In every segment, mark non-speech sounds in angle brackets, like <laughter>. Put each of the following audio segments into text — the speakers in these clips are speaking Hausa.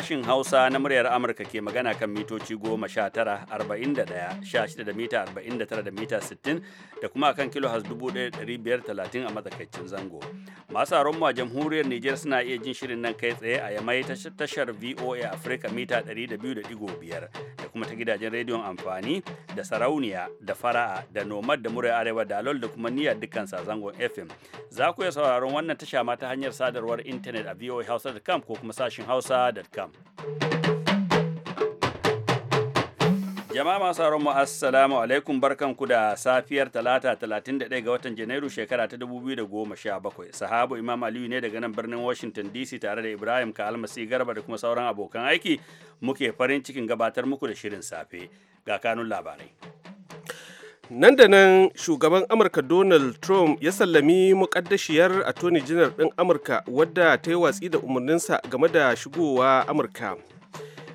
Sashin Hausa na muryar Amurka ke magana kan mitoci goma sha tara arba'in da ɗaya sha shida da mita arba'in da tara da mita sittin da kuma kan kilo has dubu ɗaya ɗari biyar talatin a matsakaicin zango. Masu aron mu a jamhuriyar Nijar suna iya jin shirin nan kai tsaye a yamai tashar VOA Africa mita ɗari da biyu da ɗigo biyar da kuma ta gidajen rediyon amfani da sarauniya da fara'a da nomad da muryar arewa da alol da kuma niyyar dukkan sa zangon FM. Za ku iya sauraron wannan tasha ma ta hanyar sadarwar intanet a voahausa.com ko kuma sashin hausa.com. Jama'a masu sauran mu assalamu alaikum barkan ku da safiyar talata talatin da 31 ga watan Janairu shekara ta bakwai. Sahabu Imam Aliyu ne daga nan birnin Washington DC tare da Ibrahim ka Almasi Garba da kuma sauran abokan aiki muke farin cikin gabatar muku da shirin safe ga kanun labarai. nan da nan shugaban amurka donald trump ya sallami mukaddashiyar attorney general ɗin amurka wadda ta yi watsi da umarninsa game da shigowa amurka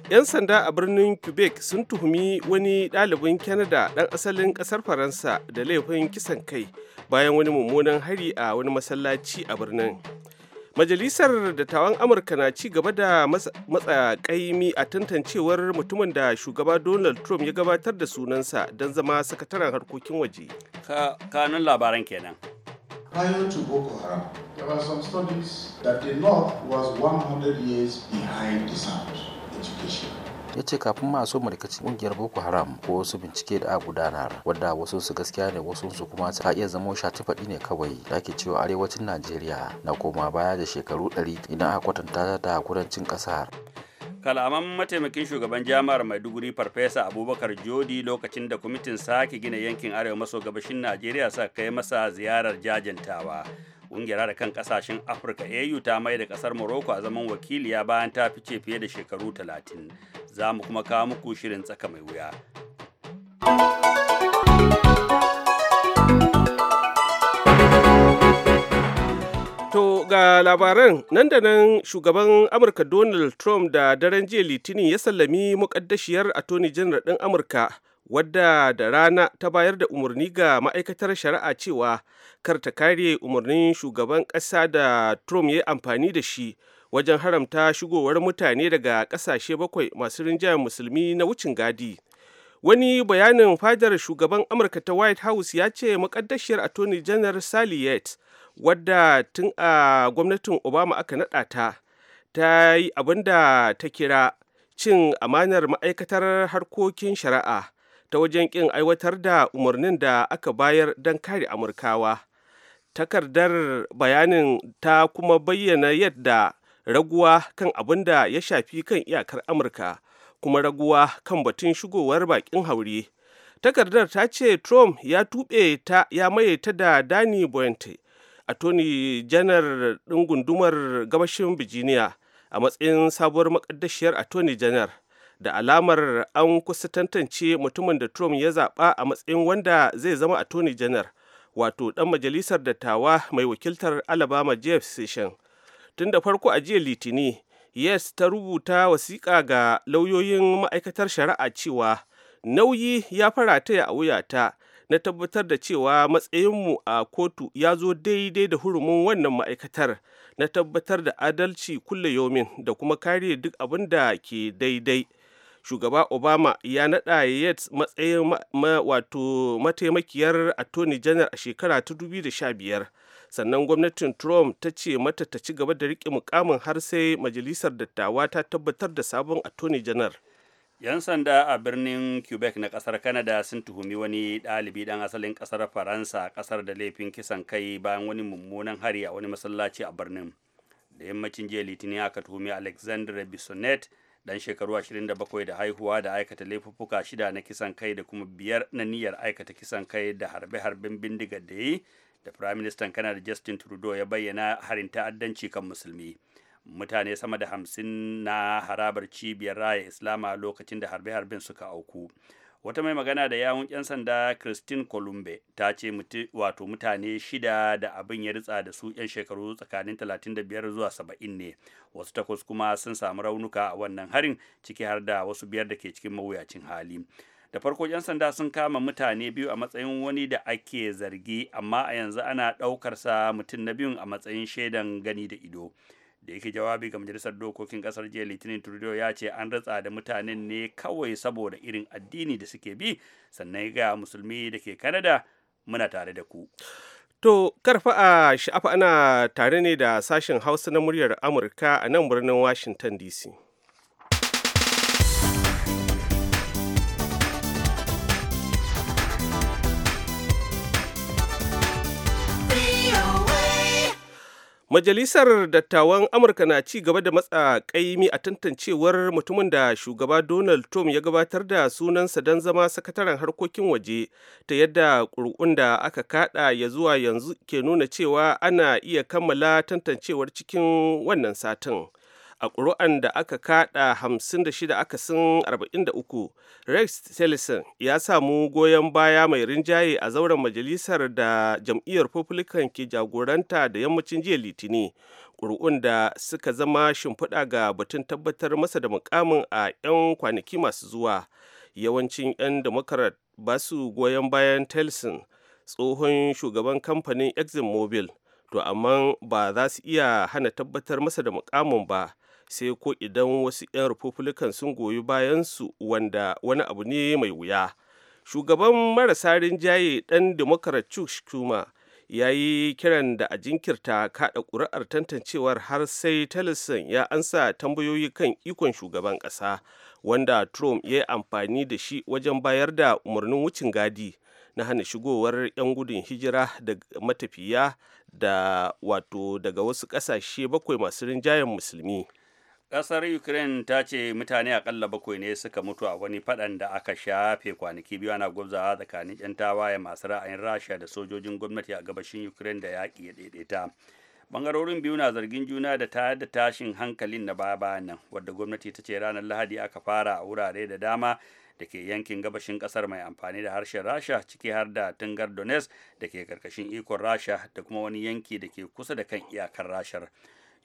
'yan sanda a birnin quebec sun tuhumi wani ɗalibin canada ɗan asalin ƙasar faransa da laifin kisan kai bayan wani mummunan hari a wani masallaci a birnin Majalisar Dattawan Amurka na ci gaba da matsa kaimi a tantancewar mutumin da shugaba Donald Trump ya gabatar da sunansa don zama sakataren harkokin waje. Kanun labaran kenan. Prior to Boko Haram, there were some studies that the North was 100 years behind the South education. ya ce kafin ma so rikicin kungiyar boko haram ko wasu bincike da a gudanar wadda wasu su gaskiya ne wasu su kuma ta iya zama shatifaɗi ne kawai da ake cewa arewacin najeriya na koma baya da shekaru 100 idan a kwatanta da kudancin ƙasar kalaman mataimakin shugaban jami'ar maiduguri farfesa abubakar jodi lokacin da kwamitin sake gina yankin arewa maso gabashin najeriya sa kai masa ziyarar jajantawa Kungiyar da kan kasashen Afirka AU ta mai da kasar Morocco a zaman wakiliya bayan ta fice fiye da shekaru 30. Za mu kuma kawo muku shirin tsaka mai wuya. To ga labaran nan da nan shugaban Amurka Donald Trump da daren jiya Litinin ya sallami mukaddashiyar Attorney General din Amurka wadda da rana ta bayar da umarni ga ma'aikatar shari'a cewa kar ta kare umarnin shugaban ƙasa da trump ya yi amfani da shi wajen haramta shigowar mutane daga ƙasashe bakwai masu rinjayen musulmi na wucin gadi wani bayanin fadar shugaban amurka ta white house ya ce makaddashiyar attorney general sally yates wadda tun a gwamnatin obama aka naɗa ta ta yi abin da ta kira cin amanar ma'aikatar harkokin shari'a ta wajen ƙin aiwatar da umarnin da aka bayar don kare amurkawa takardar bayanin ta kuma bayyana yadda raguwa kan abin da ya shafi kan iyakar amurka kuma raguwa kan batun shigowar bakin haure takardar ta ce trump ya tuɓe ta ya maye ta da dani boyante Tony janar ɗin gundumar gabashin virginia a matsayin sabuwar makaddashiyar Tony janar da alamar an kusa tantance mutumin da trump ya zaɓa a matsayin wanda zai zama a attorney general wato ɗan majalisar dattawa mai wakiltar alabama jeff sessions tun da farko a jiya litini yes ta rubuta wasiƙa ga lauyoyin ma'aikatar shari'a cewa nauyi ya farataya a wuyata na tabbatar da cewa matsayinmu a kotu ya zo daidai da hurumin wannan ma'aikatar na tabbatar da adalci kulle yomin da kuma kare duk abin da ke daidai shugaba obama ya nada yates matsayin wato mataimakiyar attorney general a shekara ta 2015 sannan gwamnatin trump ta ce mata ta ci gaba da riƙe mukamin har sai majalisar dattawa ta tabbatar da sabon attorney general 'yan sanda a birnin quebec na kasar canada sun tuhumi wani dalibi dan asalin kasar faransa kasar da laifin kisan kai bayan wani mummunan hari a wani masallaci a birnin da yammacin jiya litinin aka tuhumi alexandre bissonnet dan shekaru 27 da haihuwa da aikata laifuffuka shida na kisan kai da kuma biyar na niyyar aikata kisan kai da harbe-harben bindiga da yi da prime minister canada justin trudeau ya bayyana harin ta'addanci kan musulmi mutane sama da hamsin na harabar cibiyar raya islama lokacin da harbe-harben suka auku wata mai magana da yawun 'yan sanda christine columbe ta ce wato mutane shida da abin ya ritsa da su 'yan shekaru tsakanin 35 zuwa 70 ne wasu takwas kuma sun samu raunuka a wannan harin ciki har da wasu biyar da ke cikin mawuyacin hali da farko 'yan sanda sun kama mutane biyu a matsayin wani da ake zargi amma a yanzu ana ɗaukarsa mutum na biyun a matsayin shaidan gani da ido da yake jawabi ga majalisar dokokin kasar jiya litinin trudeau ya ce an ratsa da mutanen ne kawai saboda irin addini da suke bi sannan ga musulmi da ke kanada muna tare da ku to karfa a sha'afa ana tare ne da sashen hausa na muryar amurka a nan birnin washington dc Majalisar Dattawan Amurka na ci gaba da matsa ƙaimi a tantancewar mutumin da shugaba Donald Trump ya gabatar da sunansa don zama sakataren harkokin waje ta yadda ƙuri'un da aka kaɗa ya zuwa yanzu ke nuna cewa ana iya kammala tantancewar cikin wannan satin. a ƙuri'an da aka kaɗa 56 akasin 43 rex tillerson ya samu goyon baya mai rinjaye a zauren majalisar da jam'iyyar republican ke jagoranta da yammacin jiya litini ƙuri'un da suka zama shimfiɗa ga batun tabbatar masa da mukamin a 'yan kwanaki masu zuwa yawancin 'yan democrat ba su goyon bayan tillerson tsohon shugaban kamfanin exxon mobil to amma ba za su iya hana tabbatar masa da mukamin ba sai ko idan wasu 'yan republican sun goyi bayansu wanda wani abu ne mai wuya shugaban marasa rinjaye ɗan democrat chuck schumer ya yi kiran da a jinkirta kaɗa ƙuri'ar tantancewar har sai tillerson ya ansa tambayoyi kan ikon shugaban ƙasa wanda trump ya yi amfani da shi wajen bayar da umarnin wucin gadi na hana shigowar 'yan gudun hijira da matafiya da wato daga wasu ƙasashe bakwai masu rinjayen musulmi Ƙasar Ukraine ta ce mutane akalla bakwai ne suka mutu a wani faɗan da aka shafe kwanaki biyu ana gwabzawa tsakanin 'yan tawaye masu ra'ayin Rasha da sojojin gwamnati a gabashin Ukraine da yaƙi ya daidaita. Bangarorin biyu na zargin juna da ta da tashin hankalin na baya bayan nan, wadda gwamnati ta ce ranar Lahadi aka fara a wurare da dama da ke yankin gabashin ƙasar mai amfani da harshen rasha ciki har da tungar donetsk da ke karkashin ikon rasha da kuma wani yanki da ke kusa da kan iyakar rashar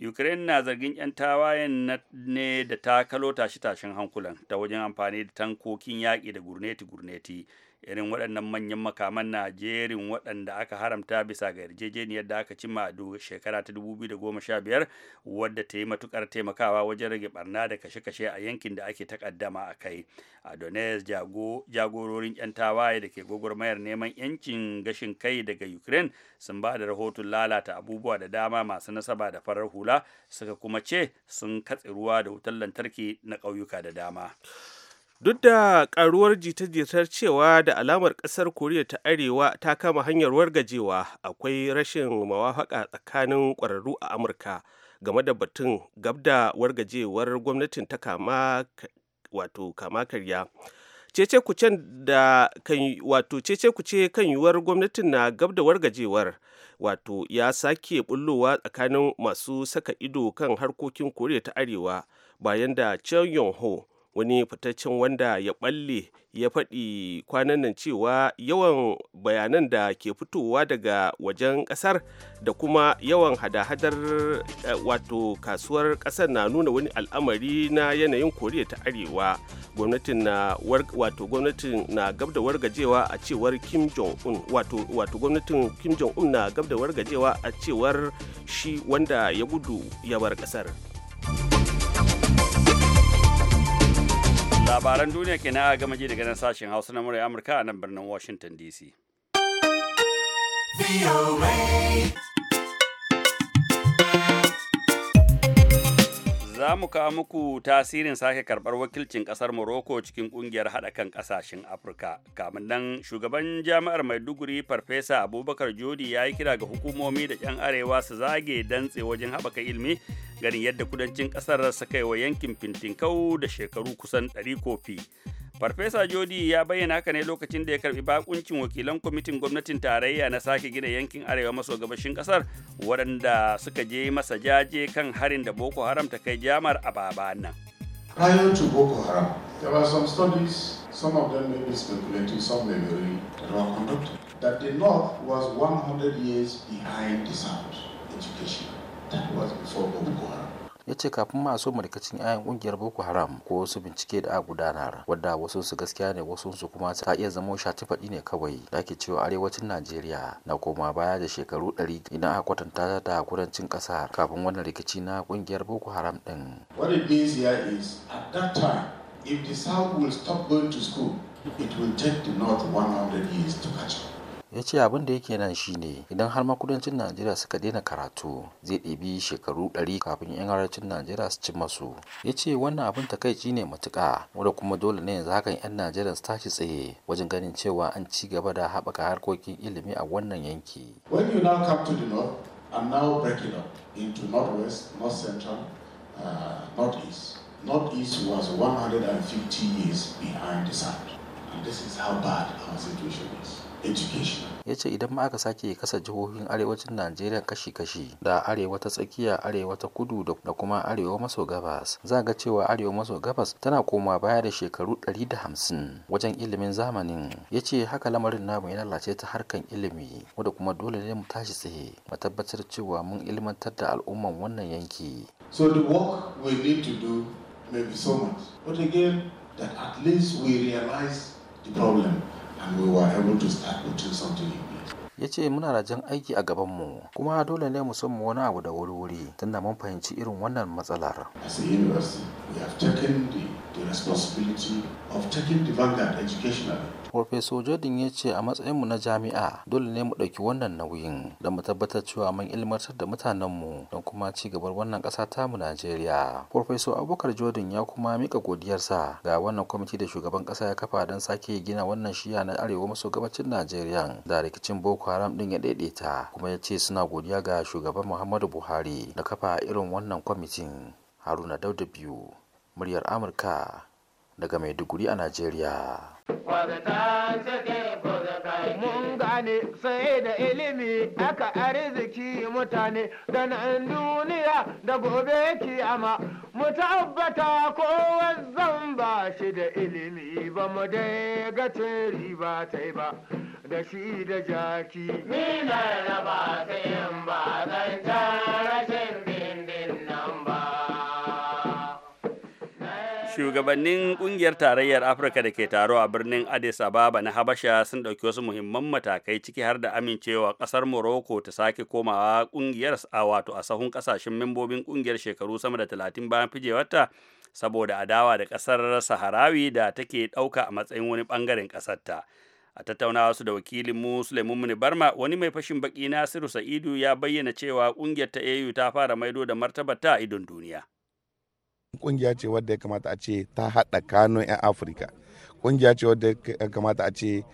Ukraine na zargin 'yan tawayen ne da takalo tashe-tashen hankulan ta wajen amfani da tankokin yaƙi da gurneti-gurneti irin waɗannan manyan makaman na jerin waɗanda aka haramta bisa ga yarjejeniyar da aka cima a shekara ta 2015 wadda ta yi matukar taimakawa wajen rage ɓarna da kashe-kashe a yankin da ake takaddama a kai a donetsk jagororin 'yan tawaye da ke gwagwarmayar neman 'yancin gashin kai daga ukraine sun ba da rahoton lalata abubuwa da dama masu nasaba da farar hula suka kuma ce sun katse ruwa da wutar lantarki na ƙauyuka da dama. duk da karuwar jita-jitar cewa da alamar kasar koriya ta arewa ta kama hanyar wargajewa akwai rashin mawafaka tsakanin kwararru a amurka game da batun gab wargajewar gwamnatin ta kama wato kama karya cece kucen da kan wato cece kuce kan yiwuwar gwamnatin na gab da wargajewar wato ya sake bullowa tsakanin masu saka ido kan harkokin koriya ta arewa bayan da Chung Yong Ho wani fitaccen wanda ya balle ya faɗi kwanan nan cewa yawan bayanan da ke fitowa daga wajen ƙasar da kuma yawan hada-hadar eh, wato kasuwar ƙasar na nuna wani al'amari na yanayin koriya ta arewa gwamnatin na wato gwamnatin na gab da wargajewa a cewar kim jong-un wato, gwamnatin kim jong-un na gab da wargajewa a cewar shi wanda ya gudu ya bar ƙasar. labaran duniya ke na gama ji daga nan sashen hausa na murai amurka a nan birnin washington dc za mu kawo muku tasirin sake karɓar wakilcin ƙasar Morocco cikin ƙungiyar haɗa kan ƙasashen Afirka. Kamin nan shugaban jami'ar Maiduguri Farfesa Abubakar Jodi ya yi kira ga hukumomi da 'yan arewa su zage dantse wajen haɓaka ilimi ganin yadda kudancin ƙasar suka yi wa yankin Fintinkau da shekaru kusan ɗari kofi. Farfesa Jodi ya bayyana haka ne lokacin da ya karbi bakuncin wakilan kwamitin gwamnatin tarayya na sake gina yankin arewa maso gabashin kasar waɗanda suka je masa jaje kan harin da Boko Haram ta kai jamar a baba nan. Prior to Boko Haram, there were some studies, some ya ce kafin ma a so malikacin 'ya'yan kungiyar boko haram ko wasu bincike da a gudanar wadda wasu su gaskiya ne wasu su kuma ta iya zama fadi ne kawai da ake cewa arewacin najeriya na koma baya da shekaru dari idan aka kwatanta da kudancin ƙasar kafin wannan rikici na kungiyar boko haram din what it means here is at that time if the south will stop going to school it will take the north 100 years to catch up ya ce abin da yake nan shine idan har makudancin najeriya suka daina karatu zai ɗabi shekaru ɗari kafin yan arewacin najeriya su ci masu ya ce wannan abin takaici ne matuƙa wanda kuma dole ne yanzu hakan yan najeriya su tashi tsaye wajen ganin cewa an ci gaba da haɓaka harkokin ilimi a wannan yanki when you now come to the north and now breaking up into northwest north central uh, northeast northeast was 150 years behind the south and this is how bad our situation is education ya idan ma aka sake kasa jihohin arewacin najeriya kashi-kashi da arewa ta tsakiya arewa ta kudu da kuma arewa maso gabas za ga cewa arewa maso gabas tana koma baya da shekaru 150 wajen ilimin zamanin ya haka lamarin namu ya lalace ta harkan ilimi wadda kuma dole ne mu tashi tsaye mu tabbatar cewa mun ilmantar da al'umman wannan yanki so the work we need to do may be so much but again that at least we realize the problem and we were ya ce muna da jan aiki a gabanmu kuma dole ne mu san wani abu da wuri-wuri tunda mun fahimci irin wannan matsalar. As a university, we have taken the, the responsibility of taking the vanguard educationally Farfeso Jordan ya ce a matsayinmu na jami'a dole ne mu ɗauki wannan nauyin da mu tabbatar cewa mun ilmantar da mutanenmu don kuma ci gabar wannan ƙasa mu Najeriya. Farfeso Abubakar Jordan ya kuma mika godiyarsa ga wannan kwamiti da shugaban ƙasa ya kafa don sake gina wannan shiya na arewa maso gabacin Najeriya da rikicin Boko Haram ɗin ya daidaita kuma ya ce suna godiya ga shugaban Muhammadu Buhari da kafa irin wannan kwamitin. Haruna Dauda biyu, muryar Amurka daga Maiduguri a Najeriya. Mun gane sai da ilimi aka arziki mutane da nan duniya da gobe kiyama mu tabbata kowa zan ba shi da ilimi ba mu dai ga ba ta ba da shi da jaki. Ni na raba ta yin ba zan shi. shugabannin kungiyar tarayyar afirka da ke taro a birnin addis ababa na habasha sun ɗauki wasu muhimman matakai ciki har da amincewa ƙasar morocco ta sake komawa kungiyar a wato a sahun kasashen membobin kungiyar shekaru sama da talatin bayan fijewarta saboda adawa da ƙasar saharawi da take ɗauka a matsayin wani ɓangaren ƙasarta a tattaunawa su da wakilin mu Suleiman Barma wani mai fashin baki Nasiru Sa'idu ya bayyana cewa kungiyar ta AU ta fara maido da martabar ta a idon duniya. Kungiya ce wadda ya kamata a ce ta haɗa Kano 'yan Afirka. Kungiya ce wadda ya kamata a ce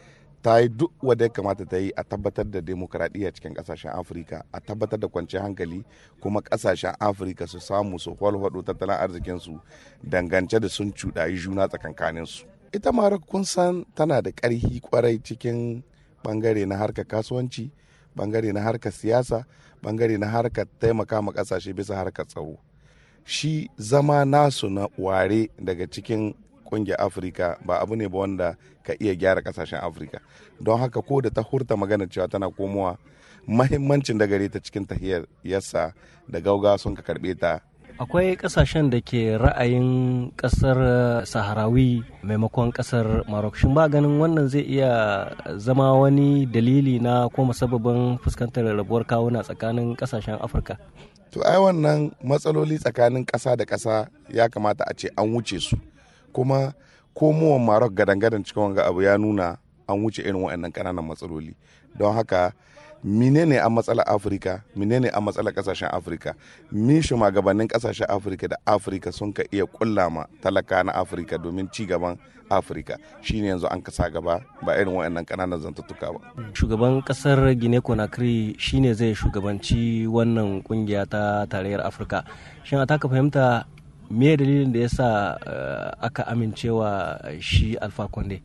ta yi duk wadda ya kamata ta yi a tabbatar da demokradiyya cikin kasashen afirka a tabbatar da kwanciyar hankali kuma kasashen afirka su samu su walwado tattalin arzikinsu dangance da sun cuɗayi juna tsakankaninsu ita mara kun san tana da ƙarfi kwarai cikin bangare na harkar kasuwanci bangare na harkar siyasa bangare na harkar taimaka ma kasashe bisa harkar tsaro shi zama nasu na ware daga cikin kungiyar afirka ba abu ne ba wanda ka iya gyara kasashen afirka don haka ko da ta hurta magana cewa tana komowa mahimmancin da gare ta cikin tahiyar yasa da gauga sun ka karbe ta akwai kasashen da ke ra'ayin kasar saharawi maimakon kasar marok shin ba ganin wannan zai iya zama wani dalili na ko sababin fuskantar rabuwar kawuna tsakanin kasashen afirka to ai wannan matsaloli tsakanin ƙasa da ƙasa ya kamata a ce an wuce su kuma komowan maroc gadan-gadan cikin wanga abu ya nuna an wuce irin waɗannan ƙananan matsaloli don haka menene a matsala afirka menene a matsala kasashen afirka mishi magabannin kasashen afirka da afirka sun ka iya kulla ma talaka na afirka domin ci gaban afirka shine yanzu an kasa gaba ba irin wa'annan kananan zantattuka ba shugaban kasar gine conakry shine zai shugabanci wannan kungiya ta tarayyar afirka shin a taka fahimta me dalilin da yasa eh, aka amincewa shi alfa konde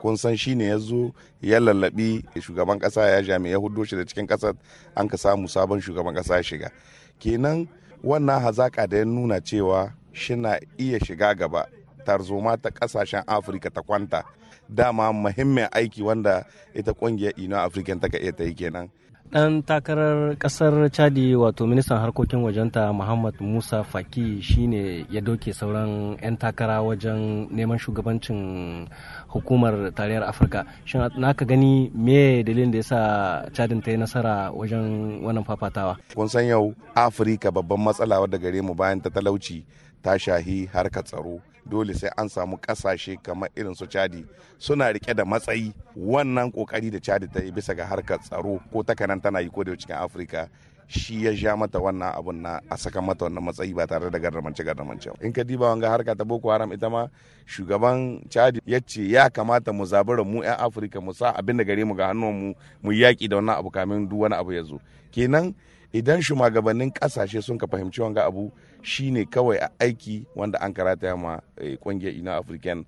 kun san shi ne ya zo ya lallabi shugaban kasa ya jami ya hudo shi da cikin kasar an ka samu sabon shugaban kasa ya shiga kenan wannan hazaka da ya nuna cewa shi na iya shiga gaba tarzoma ta kasashen afirka ta kwanta dama muhimmin aiki wanda ita kungiyar ino afirka ta ka iya ta yi kenan dan takarar kasar chadi wato ministan harkokin wajenta muhammad musa faki shine ya doke sauran 'yan takara wajen neman shugabancin hukumar tarayyar afirka shin naka gani me dalilin da ya sa chadin ta yi nasara wajen wannan fafatawa kun san yau afirka babban matsala wadda gare mu bayan ta talauci ta shahi harkar tsaro dole sai an samu kasashe kamar irin su chadi suna rike da matsayi wannan kokari da chadi ta yi bisa ga harkar tsaro ko takanan tana yi ko da cikin afirka shi ya sha mata wannan abun na a saka mata wannan matsayi ba tare da gardamance gardamance in ka diba wanga harka ta boko haram ita ma shugaban chad ya ce ya kamata mu zabura mu yan afirka mu sa abin da gare mu ga hannun mu mu yaki da wannan abu kamin duk wani abu ya zo kenan idan shugabannin kasashe sun ka fahimci wanga abu shine kawai a aiki wanda an karata ma eh, kungiyar ina african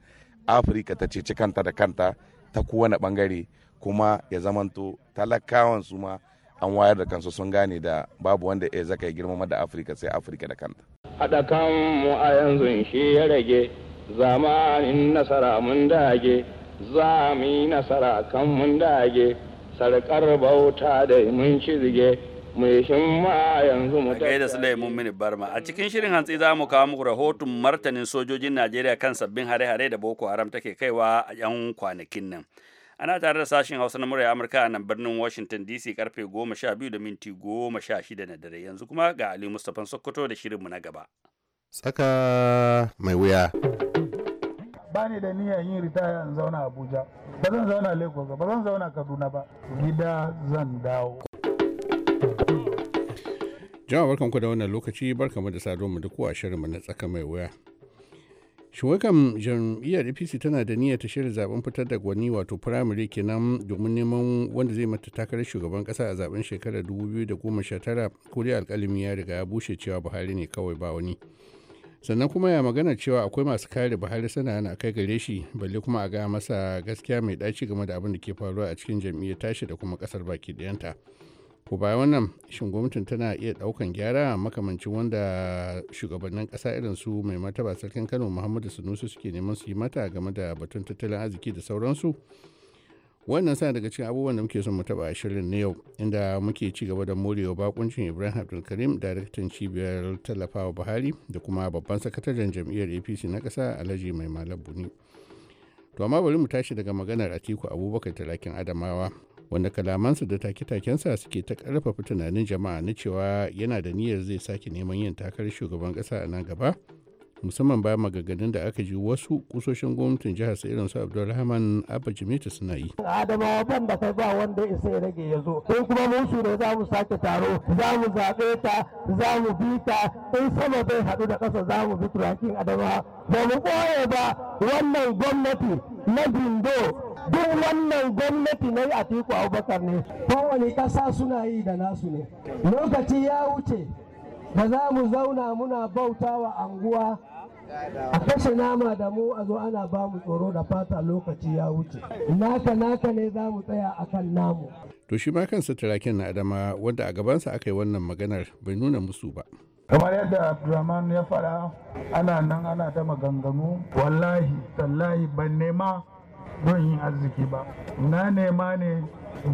afirka ta ceci kanta da kanta ta kowane bangare kuma ya zamanto talakawan su ma an wayar da kansu sun gane da babu wanda ya zaka yi girmama da afirka sai afirka da kanta haɗa kanmu a yanzu shi ya rage zamanin nasara mun dage za nasara kan mun dage sarkar bauta da mun shirge mai shimma yanzu mu Mini Barma a cikin shirin hantsi za mu kawo muku rahoton martanin sojojin Najeriya kan sabbin hare-hare da Boko Haram take kaiwa a 'yan kwanakin nan. Ana tare da sashen Hausa na murya Amurka a nan birnin Washington DC karfe 12 da minti 16 na dare yanzu kuma ga Ali Mustapha Sokoto da shirinmu na gaba. Tsaka mai wuya. ba ni da niyyar yin ritaya in zauna abuja ba zan zauna lagos ba zan zauna kaduna ba gida zan dawo Jama'a barkanku da wannan lokaci barkanmu da sadon mu duk a shirinmu na tsaka mai wuya. Shugaban jam'iyyar APC tana da niyyar ta shirya zaben fitar da gwani wato firamare kenan domin neman wanda zai mata takarar shugaban kasa a zaben shekarar 2019 ko dai alkalimi ya riga ya bushe cewa Buhari ne kawai ba wani. sannan kuma ya magana cewa akwai masu kare buhari sana na kai gare shi balle kuma a gaya masa gaskiya mai daci game da abin da ke faruwa a cikin jam'iyyar tashi da kuma kasar baki ta ko bayan wannan shin gwamnatin tana iya daukan gyara makamancin wanda shugabannin kasa irin su mai mataba sarkin kano muhammadu sunusu suke neman su yi mata game da batun tattalin arziki da sauransu wannan sa daga cikin abubuwan da muke son mu taba shirin na yau inda muke ci gaba da morewa bakuncin ibrahim abdulkarim daraktan cibiyar tallafawa buhari da kuma babban sakataren jam'iyyar apc na kasa alhaji mai malam buni to amma bari mu tashi daga maganar atiku abubakar talakin adamawa wanda kalamansa da take-takensa suke ta karfafa tunanin jama'a na cewa yana da niyyar zai sake neman yin takarar shugaban kasa a nan gaba musamman bayan magaganin da aka ji wasu kusoshin gwamnatin jihar sa irin su abdulrahman abba jimita suna yi adama ban da kai ba wanda isa ya rage ya zo in kuma musu da za mu sake taro za mu zaɓe ta za mu bi ta in sama zai haɗu da ƙasa za mu bi turakin adama ba mu ɓoye ba wannan gwamnati na bindo duk wannan gwamnati na a tiku abubakar ne kowane ƙasa suna yi da nasu ne lokaci ya wuce ba za mu zauna muna bauta wa anguwa a kashe nama da mu a zo ana ba mu tsoro da fata lokaci ya wuce naka naka ne za mu tsaya a kan namu to shi ma kansa turakin na adama wanda a gabansa aka yi wannan maganar bai nuna musu ba kamar yadda abdulrahman ya faɗa ana nan ana ta maganganu wallahi tallahi ban nema don yin arziki ba na nema ne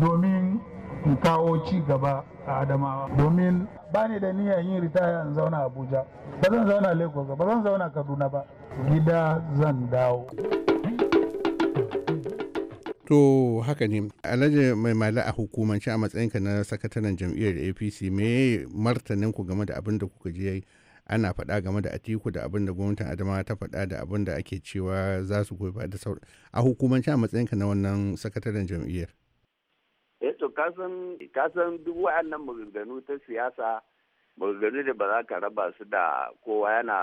domin in kawo ci gaba a adamawa domin ba ni da niyyar yin ritaya in zauna abuja ba zan zauna lagos ba zan zauna kaduna ba gida zan dawo to haka ne alhaji mai mala a hukumance a matsayinka na sakataren jam'iyyar apc me martanin ku game da abin da kuka je ana faɗa game da atiku da abin da gwamnatin adama ta faɗa da abin da ake cewa za su goyi da sauran a hukumance a matsayinka na wannan sakataren jam'iyyar eh to kasan duk wa'annan maganganu ta siyasa maganganu da ba za ka raba su da kowa yana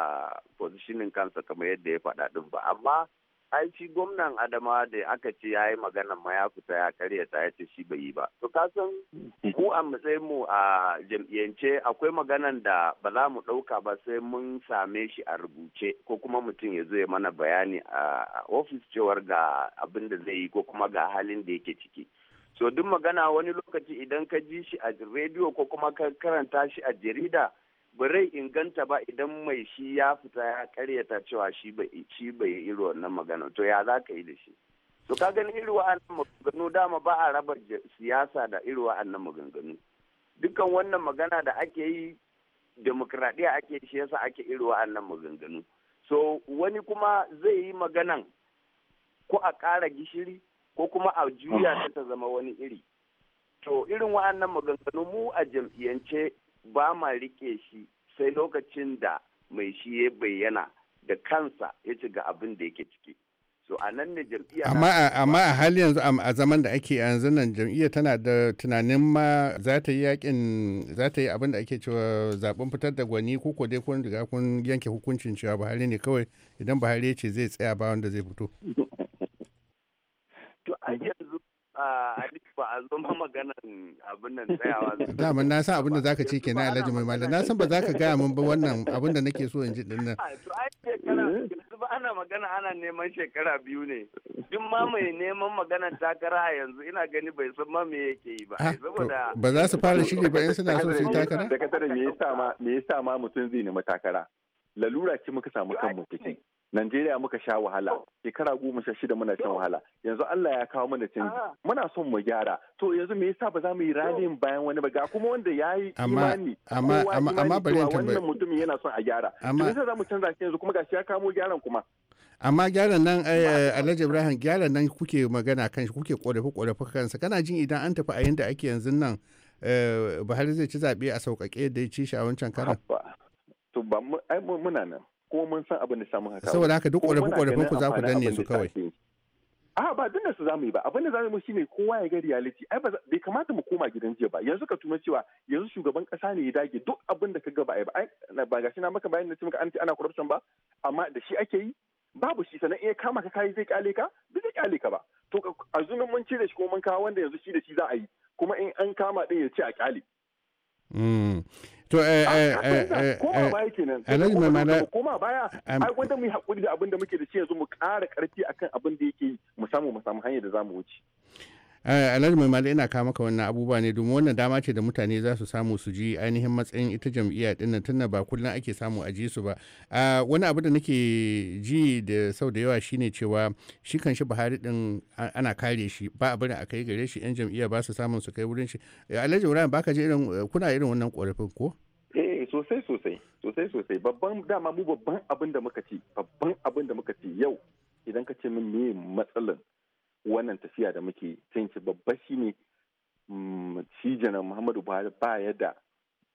positioning kansa kamar yadda ya faɗa ɗin ba amma ai shi gwamnan adama da aka ce ya yi maganan ma ya fita ya karya ta ya ce shi bai yi ba to ka san ku a matsayin mu a jam'iyyance akwai maganan da ba za mu ɗauka ba sai mun same shi a rubuce ko kuma mutum ya zo ya mana bayani a ofis cewar ga abin da zai yi ko kuma ga halin da yake ciki so duk magana wani lokaci idan ka ji shi a rediyo ko kuma ka karanta shi a jarida rai inganta ba idan mai shi ya fita ya karyata cewa shi bai shi bai iri wannan magana to ya za ka yi da shi to ka gani iri wa'annan maganganu dama ba a raba siyasa da iri wa'annan maganganu dukkan wannan magana da ake yi demokradiya ake shi yasa ake iri wa'annan maganganu so wani kuma zai yi maganan ko a ƙara gishiri ko kuma a juya ta zama wani iri to irin wa'annan maganganu mu a jam'iyyance ba ma rike shi sai lokacin da mai shi ya bayyana da kansa ya ci ga abin da yake ciki so a nan ne jam'iyya amma a hali yanzu a zaman da ake yanzu nan jam'iyya tana da tunanin ma za ta yi yakin za ta yi abin da ake cewa zaben fitar da gwani ko ko dai kun riga kun yanke hukuncin cewa Buhari ne kawai idan Buhari ce zai tsaya ba wanda zai fito <laughs> to a ba a zama maganan abin nan tsayawa <laughs> dama na san abin da zaka ce kenan alhaji mai na san ba zaka gaya min ba wannan abin da nake so in ji din nan <laughs> to ai shekara ana magana ana neman shekara biyu ne duk ma mai neman magana takara yanzu ina gani bai san ma me yake yi ba ah, saboda ba za su fara shiri ba in suna so su yi takara da kasar me yasa ma me yasa ma mutum zai nemi takara lalura ce muka samu kan cikin Najeriya muka sha wahala shekara goma sha shida muna shan wahala yanzu Allah ya kawo mana canji muna son mu gyara to yanzu me yasa ba za mu yi ralin bayan wani ba ga kuma wanda ya yi imani amma amma bari in tambaye wannan mutumin yana son a gyara amma yasa za mu canza shi yanzu kuma gashi ya kamo gyaran kuma amma gyaran nan eh, Alhaji Ibrahim gyaran nan kuke magana kan shi kuke korafi korafi kansa kana jin idan an tafi a yanda ake yanzu nan eh, Buhari zai ci zaɓe a sauƙaƙe da ya ci shi a wancan karan. to ba ai muna nan kuma mun san abin da samun haka saboda haka duk ƙorafin ku za ku danne su kawai a ba danne su zamu yi ba abin da zamu yi shine kowa ya ga reality ai bai kamata mu koma gidan jiya ba yanzu ka tuna cewa yanzu shugaban kasa ne ya dage duk abin da ka ga ba ai ba ba gashi na maka bayani na ce an ce ana corruption ba amma da shi ake yi babu shi sannan in ya kama ka kai zai kyale ka bi zai kyale ka ba to a zumin mun cire shi ko mun kawo wanda yanzu shi da shi za a yi kuma in an kama din ya ce a kyale mm. to eh ah, eh eh eh baya kenan eh, alhaji mai mana koma baya ai wanda mu hakuri da abin da muke da shi yanzu mu ƙara ƙarfi akan abin da yake mu samu mu samu hanyar da zamu wuce Eh, alhaji mai mali ina kawo maka wannan abubuwa ne domin wannan dama ce da mutane za su samu su ji ainihin matsayin ita jam'iyya dinnan tunda ba kullum ake samu a ji su ba ah, wani abu da nake ji da sau da yawa shine cewa shi kan shi buhari din ana kare shi ba a barin a kai gare shi yan jam'iyya ba su samun su kai wurin shi eh, alhaji ibrahim baka ji irin eh, kuna irin wannan korafin ko eh sosai sosai sosai sosai babban dama mu babban abin da muka ci babban abin da muka ci yau idan ka ce min me matsalar. wannan tafiya da muke cinki babba shine ne mm, janar muhammadu buhari baya da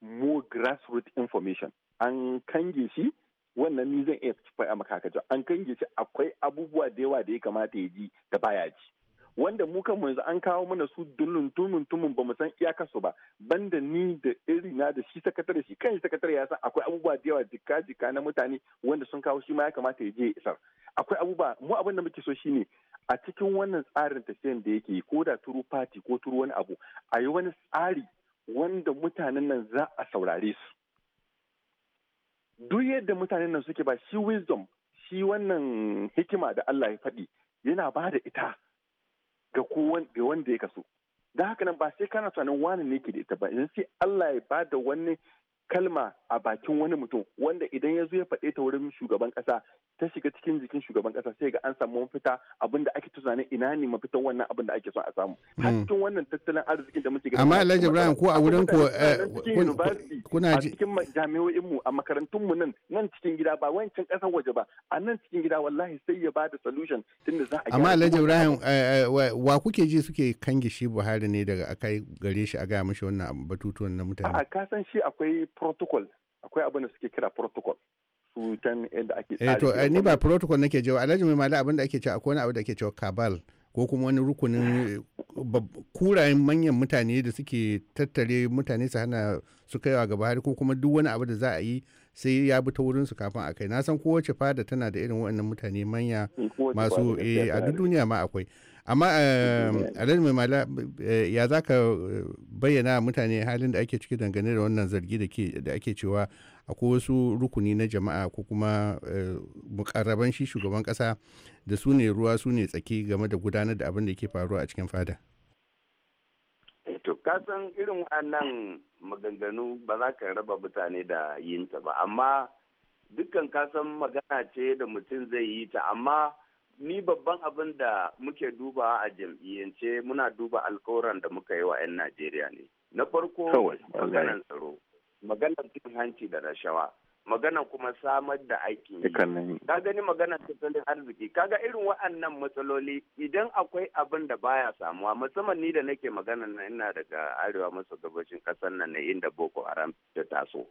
more grassroots information an kange shi wannan ni zan iya faɗa maka haka an kange shi akwai abubuwa da yawa da ya kamata ya ji da baya ji wanda mu kanmu yanzu an kawo mana su dullun tumun tumun ba mu san iyakarsu ba banda ni da irin na da shi sakatare shi kan shi sakatare ya san akwai abubuwa da yawa jika jika na mutane wanda sun kawo shi ma ya kamata ya je isar akwai abubuwa mu abin da muke so shine a cikin wannan tsarin tafiyan da yake ko da turu fati ko turu wani abu a yi wani tsari wanda mutanen nan za a saurare su duk yadda mutanen nan suke ba shi wisdom shi wannan hikima da Allah ya faɗi yana ba da ita ga wanda ya kaso da haka nan ba sai kana tunanin wani ne ke da ita ba in sai Allah ya ba da wani kalma a bakin wani mutum wanda idan ya zo ya faɗe ta wurin shugaban ƙasa ta shiga cikin jikin shugaban ƙasa sai ga an samu mafita abin da ake tunanin ina ne mafitan wannan abin da ake son a samu hmm. a cikin wannan tattalin arzikin da muke gani amma Alhaji Ibrahim ko a wurin ko eh, kuna ji cikin jami'o'in mu a makarantun mu nan nan cikin gida ba wancan kasar waje ba a nan cikin gida wallahi sai ya bada solution tunda za a amma Alhaji Ibrahim eh, eh, wa kuke ji suke kange shi Buhari ne daga akai gare shi a ga mishi wannan batutuwan na mutane a ka san shi akwai protocol akwai abin da suke kira protocol su yadda ake eh to eh, ni ba protocol nake jawo alhaji mai mali abin da ake cewa akwai wani abu da ake cewa kabal ko kuma wani rukunin kurayen manyan mutane da suke tattare mutane su hana su kaiwa gaba har ko kuma duk wani abu da za a yi sai ya bi ta wurin su kafin a kai na san kowace fada tana da irin waɗannan mutane manya mm, masu eh, a duk duniya ma akwai amma ehm, a mai mala eh, ya za ka eh, bayyana mutane halin da ake ciki dangane da wannan zargi da ake cewa akwai wasu rukuni na jama'a ko kuma eh, mukarraban shi shugaban kasa da su ne ruwa su ne tsaki game da gudanar da abin da ke faruwa a cikin fada to kasan irin wannan maganganu ba za ka raba mutane da yinta ba amma dukkan kasan magana ce da mutum zai yi ta amma ni babban abin da muke duba a jam'iyyance muna duba alkawuran da muka yi wa 'yan Najeriya ne. Na farko maganar tsaro, maganar cin hanci da rashawa, maganar kuma samar da aikin yi. Ka gani maganar tattalin arziki, kaga irin wa'annan matsaloli idan akwai abin da baya samuwa musamman ni da nake magana na ina daga arewa maso gabashin kasar nan ne inda Boko Haram ta taso.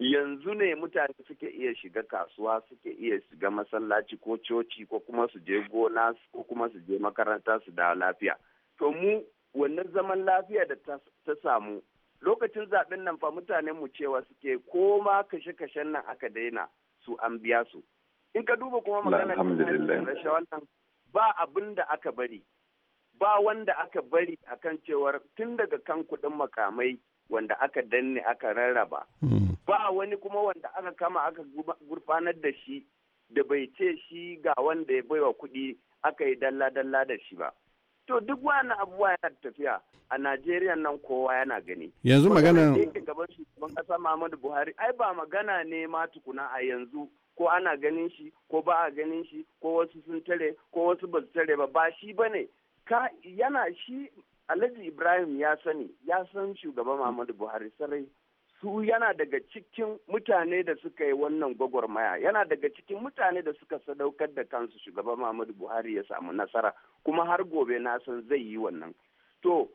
yanzu ne mutane suke iya shiga kasuwa suke iya shiga masallaci ko coci ko kuma su je gona ko kuma su je makaranta su da lafiya to mu wannan zaman lafiya da ta samu lokacin zaɓen nan fa mutanen mu cewa suke ko ma kashe-kashen nan aka daina su an biya su in ka duba kuma maganar ba abin da aka bari ba wanda aka bari akan cewar tun daga kan kuɗin makamai wanda aka danne aka rarraba hmm. ba wani kuma wanda aka kama aka gurfanar da shi da bai ce shi ga wanda ya baiwa kuɗi aka yi dalla-dalla da shi ba. To duk wani abubuwa yana tafiya a Najeriya nan kowa yana gani. Yanzu magana. gaban shugaban ƙasa Muhammadu Buhari ai ba magana ne ma tukuna a yanzu ko ana ganin shi ko ba a ganin shi ko wasu sun tare ko wasu ba su tare ba ba shi ba ne. Ka yana shi Alhaji Ibrahim ya sani ya san shugaban Muhammadu Buhari sarai su yana daga cikin mutane da suka yi wannan gwagwarmaya yana daga cikin mutane da suka sadaukar da kansu shugaban Muhammadu Buhari ya samu nasara kuma har gobe na san zai yi wannan to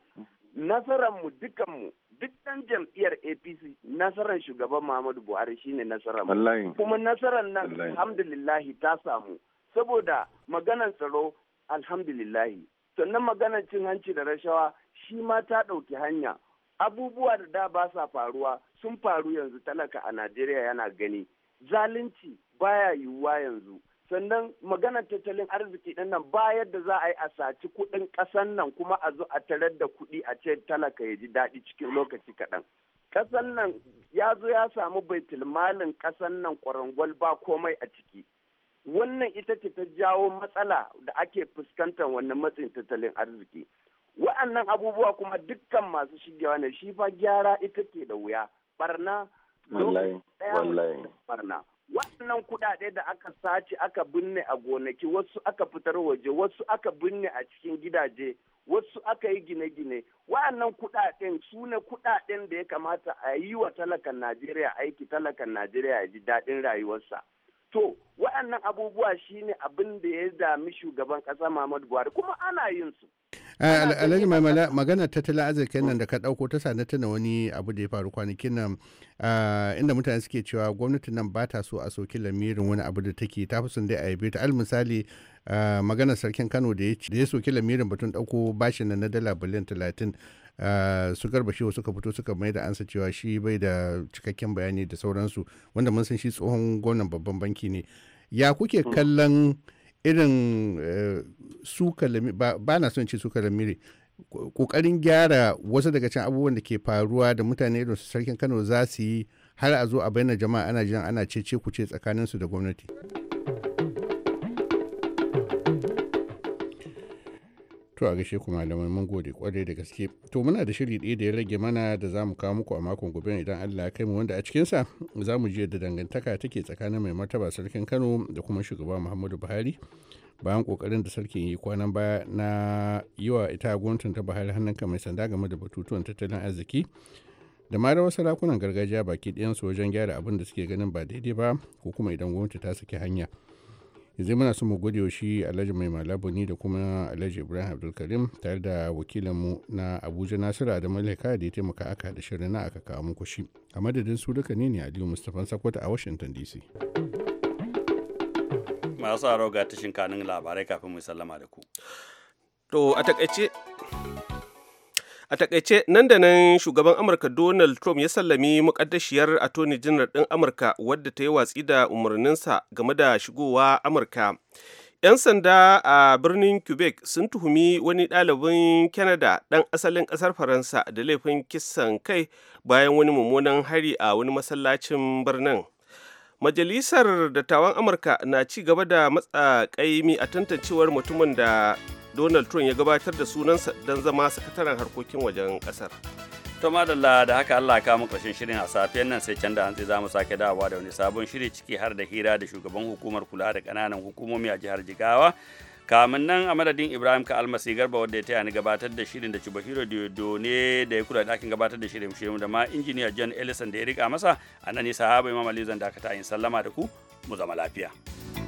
nasararmu dukanmu duk ɗan jam'iyyar APC nasaran shugaban Muhammadu Buhari shine nasararmu kuma nasaran nan alhamdulillah ta samu saboda maganar tsaro alhamdulillah sannan maganar cin hanci da rashawa shi ma ta ɗauki hanya abubuwa da da ba sa faruwa sun faru yanzu talaka a najeriya yana gani zalunci baya yiwuwa yanzu sannan maganar tattalin arziki ɗin nan ba yadda za a yi a saci kuɗin ƙasan nan kuma a zo a tarar da kuɗi a ce talaka ya ji daɗi cikin lokaci kaɗan ƙasan nan ya zo ya samu tilmalin ƙasan nan ƙwarangwal ba komai a ciki wannan ita ce ta jawo matsala da ake fuskantar wannan matsin tattalin arziki wa'annan abubuwa kuma dukkan masu shigewa ne shi fa gyara ita ke da wuya barna barna waɗannan kuɗaɗe da aka sace aka binne a gonaki wasu aka fitar waje wasu aka binne a cikin gidaje wasu aka yi gine-gine waɗannan kuɗaɗen su ne kuɗaɗen da ya kamata a yi wa talakan najeriya aiki talakan najeriya ya ji daɗin rayuwarsa to waɗannan abubuwa shine abin da ya dami shugaban ƙasa muhammadu buhari kuma ana yin su alhaji mai magana tattalin arzikin nan da ka dauko ta sani tana wani abu da ya faru kwanakin nan inda mutane suke cewa gwamnatin nan ba ta so a soki lamirin wani abu da take ta fi sun dai a yabe ta al misali magana sarkin kano da ya soki lamirin batun dauko bashin na dala biliyan talatin su garba wasu suka fito suka mai da ansa cewa shi bai da cikakken bayani da sauransu wanda mun san shi tsohon gwamnan babban banki ne ya kuke hmm. kallon irin eh, su ba na son ce su miri kokarin gyara wasu daga can abubuwan da ke faruwa da mutane irin sarkin kano za su yi har a zo a bayyana jama'a ana jiran ana ce ce ku ce tsakaninsu da gwamnati. To a gaishe ku malamai mun gode kwarai da gaske. To muna da shiri ɗaya da ya rage mana da za mu kawo muku a makon gobe idan Allah ya kai mu wanda a cikinsa za mu je da dangantaka take tsakanin mai martaba sarkin Kano da kuma shugaba Muhammadu Buhari. bayan kokarin da sarkin yi kwanan baya na yi wa ita gwamnatin ta buhari hannunka mai sanda game da batutuwan tattalin arziki da ma da wasu rakunan gargajiya baki ɗayansu wajen gyara abin da suke ganin ba daidai ba ko kuma idan gwamnati ta saki hanya yanzu muna so mu gode shi alhaji mai malabo ni da kuma alhaji ibrahim abdulkarim tare da wakilanmu na abuja nasiru da leka da ya taimaka aka da shirin na aka kawo muku shi a madadin su duka ne ne aliyu mustapha sakwata a washington dc masu aro ga tashin kanin labarai kafin mu sallama da ku to a takaice a takaice nan da nan shugaban amurka donald trump ya sallami mukaddashiyar attorney general din amurka wadda ta yi watsi da umarninsa game da shigowa amurka 'yan sanda a birnin quebec sun tuhumi wani ɗalibin canada ɗan asalin ƙasar faransa da laifin kisan kai bayan wani mummunan hari a wani masallacin birnin majalisar dattawan amurka na ci gaba da matsa ƙaimi a tantancewar mutumin da donald trump ya gabatar da sunansa don zama sakataren harkokin wajen kasar to madalla da haka allah ka mu karshen shirin a safiyar nan sai can da hantsi za mu sake dawowa da wani sabon shiri ciki har da hira da shugaban hukumar kula da kananan hukumomi a jihar jigawa kamin nan a madadin ibrahim ka almasi garba wadda ya taya ni gabatar da shirin da cibahiro diodo ne da ya kula da ɗakin gabatar da shirin shirin da ma injiniya john ellison da ya riƙa masa a nan ne sahaba imam ali zan dakata yin sallama da ku mu zama lafiya.